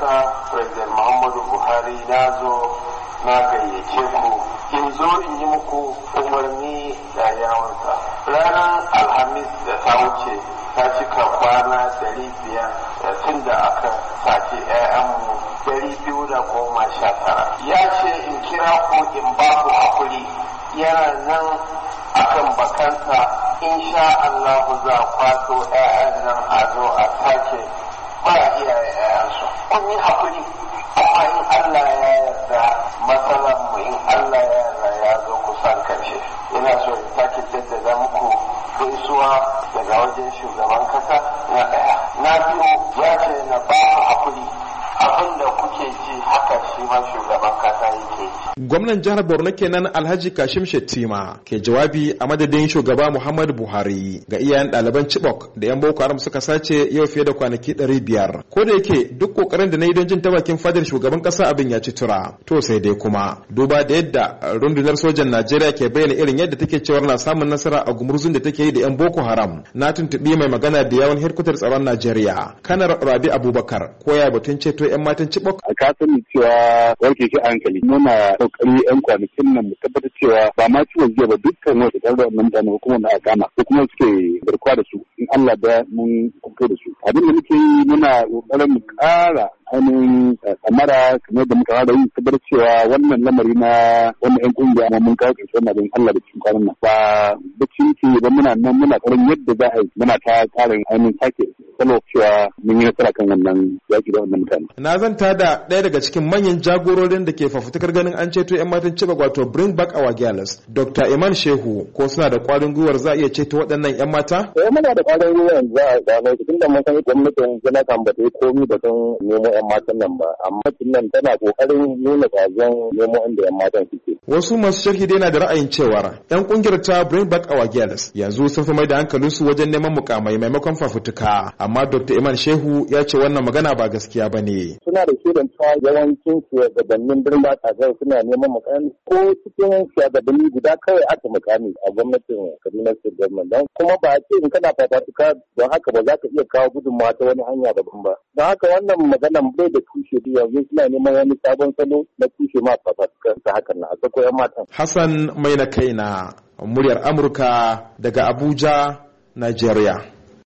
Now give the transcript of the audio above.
ƙasa president muhammadu buhari nazo zo na gayyace ku in zo in yi muku umarni da yawansa ranar alhamis da ta wuce ta cika kwana dari biyar tun da aka sace mu dari biyu da goma sha tara ya ce in kira ku in ba ku hakuri yana nan akan bakanta sha Allah za kwato 'ya'yan nan a zo a sace ba iyaye kun yi hakuri amma Allah ya yarda matsalan mu in Allah ya yarda ya zo kusan karshe ina so in sake da muku gaisuwa daga wajen shugaban kasa na ɗaya na biyu ya ce na ba gwamnan jihar borno kenan alhaji kashim shettima ke jawabi a madadin shugaba muhammadu buhari ga iyayen ɗaliban chibok da yan boko haram suka sace yau fiye da kwanaki ɗari biyar ko da yake duk kokarin da na yi don jin tabakin fadar shugaban kasa abin ya ci tura to sai dai kuma duba da yadda rundunar sojan najeriya ke bayyana irin yadda take cewa na samun nasara a gumurzun da take yi da yan boko haram na tuntuɓi mai magana da yawon hirkutar tsaron najeriya kanar rabi abubakar ko ya batun ceto yan matan chibok A a shi a hankali muna kokari yan kwanakin nan mu tabbatar cewa ba ma ciwon jiya ba dukkan wasu tare da wannan mutane kuma na kama ko kuma suke barkwa da su in Allah da mun kuka da su abin da muke yi muna kokarin mu kara ainihin eh, tsamara kamar da muka rada yi tabbatar cewa wannan lamari na wannan yan kungiya na mun kawo na abin Allah da cikin kwanan nan ba bacci ke ba muna nan muna karin yadda za a yi muna ta karin ainihin sake sanar cewa mun yi nasara kan wannan yaƙi da wannan mutane. Na zanta da ɗaya daga cikin manyan jagororin da ke fafutukar ganin an ceto 'yan matan cewa wato Bring Back Our Girls, Dr. Iman Shehu, ko suna da ƙwarin gwiwar za a iya ceto waɗannan 'yan mata? Eh muna da ƙwarin gwiwar za a gano su tunda mun san gwamnatin kan ba ta yi komi da sun nemo 'yan matan nan ba, amma nan tana ƙoƙarin nuna ƙwazon nemo inda 'yan matan suke. Wasu masu sharhi dai na da ra'ayin cewa 'yan ƙungiyar ta Bring Back Our Girls yanzu sun fi mai da hankalinsu wajen neman mukamai maimakon fafutuka. amma dr iman shehu ya ce wannan magana ba gaskiya ba ne suna da shirin ta yawancin shugabannin birnin ba zai suna neman mukami ko cikin shugabanni guda kawai aka mukami a gwamnatin kaduna state government don kuma ba a ce in kana fafatuka don haka ba za ka iya kawo gudunmawa ta wani hanya daban ba don haka wannan maganan bai da tushe yanzu suna neman wani sabon salo na tushe ma fafatuka ta hakan na a sako matan hassan mai na kai na muryar amurka daga abuja nigeria